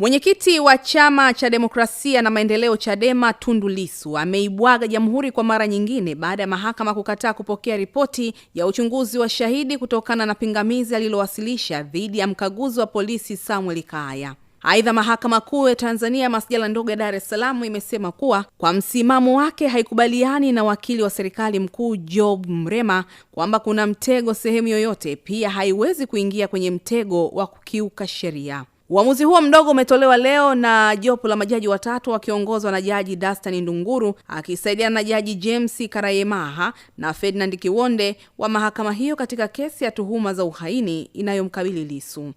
Mwenyekiti wa chama cha demokrasia na maendeleo Chadema Tundu lisu ameibwaga jamhuri kwa mara nyingine baada ya mahakama kukataa kupokea ripoti ya uchunguzi wa shahidi kutokana na pingamizi alilowasilisha dhidi ya mkaguzi wa polisi Samuel Kaaya. Aidha, mahakama kuu ya Tanzania masjala ndogo ya Dar es Salaam imesema kuwa kwa msimamo wake haikubaliani na wakili wa serikali mkuu Job Mrema kwamba kuna mtego sehemu yoyote, pia haiwezi kuingia kwenye mtego wa kukiuka sheria. Uamuzi huo mdogo umetolewa leo na jopo la majaji watatu wakiongozwa na Jaji Dastan Ndunguru akisaidiana na Jaji James Karayemaha na Ferdinand Kiwonde wa mahakama hiyo katika kesi ya tuhuma za uhaini inayomkabili lisu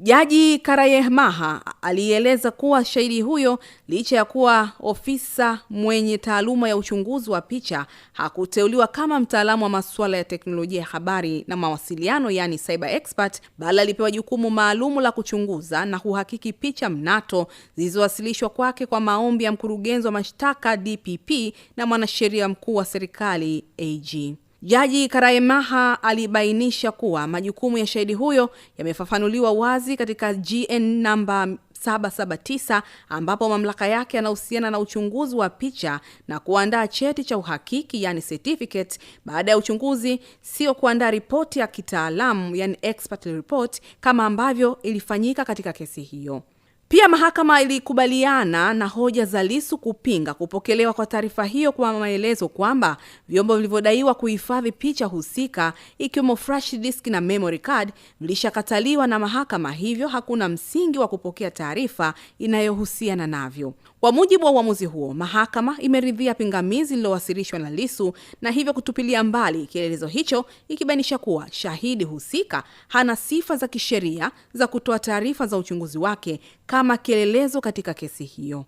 Jaji karayehmaha alieleza kuwa shahidi huyo licha ya kuwa ofisa mwenye taaluma ya uchunguzi wa picha hakuteuliwa kama mtaalamu wa masuala ya teknolojia ya habari na mawasiliano, yaani cyber expert, bali alipewa jukumu maalumu la kuchunguza na kuhakiki picha mnato zilizowasilishwa kwake kwa maombi ya mkurugenzi wa mashtaka DPP na mwanasheria mkuu wa serikali AG. Jaji karaemaha alibainisha kuwa majukumu ya shahidi huyo yamefafanuliwa wazi katika GN namba 779 ambapo mamlaka yake yanahusiana na uchunguzi wa picha na kuandaa cheti cha uhakiki yani certificate baada ya uchunguzi, sio kuandaa ripoti ya kitaalamu yani expert report kama ambavyo ilifanyika katika kesi hiyo. Pia mahakama ilikubaliana na hoja za lisu kupinga kupokelewa kwa taarifa hiyo kwa maelezo kwamba vyombo vilivyodaiwa kuhifadhi picha husika ikiwemo flash disk na memory card vilishakataliwa na mahakama, hivyo hakuna msingi wa kupokea taarifa inayohusiana navyo. Kwa mujibu wa uamuzi huo, mahakama imeridhia pingamizi lilowasilishwa na lisu na hivyo kutupilia mbali kielelezo hicho, ikibainisha kuwa shahidi husika hana sifa za kisheria za kutoa taarifa za uchunguzi wake kama kielelezo katika kesi hiyo.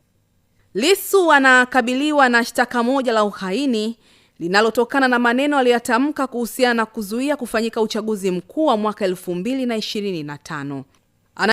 lisu anakabiliwa na shtaka moja la uhaini linalotokana na maneno aliyotamka kuhusiana na kuzuia kufanyika uchaguzi mkuu wa mwaka 225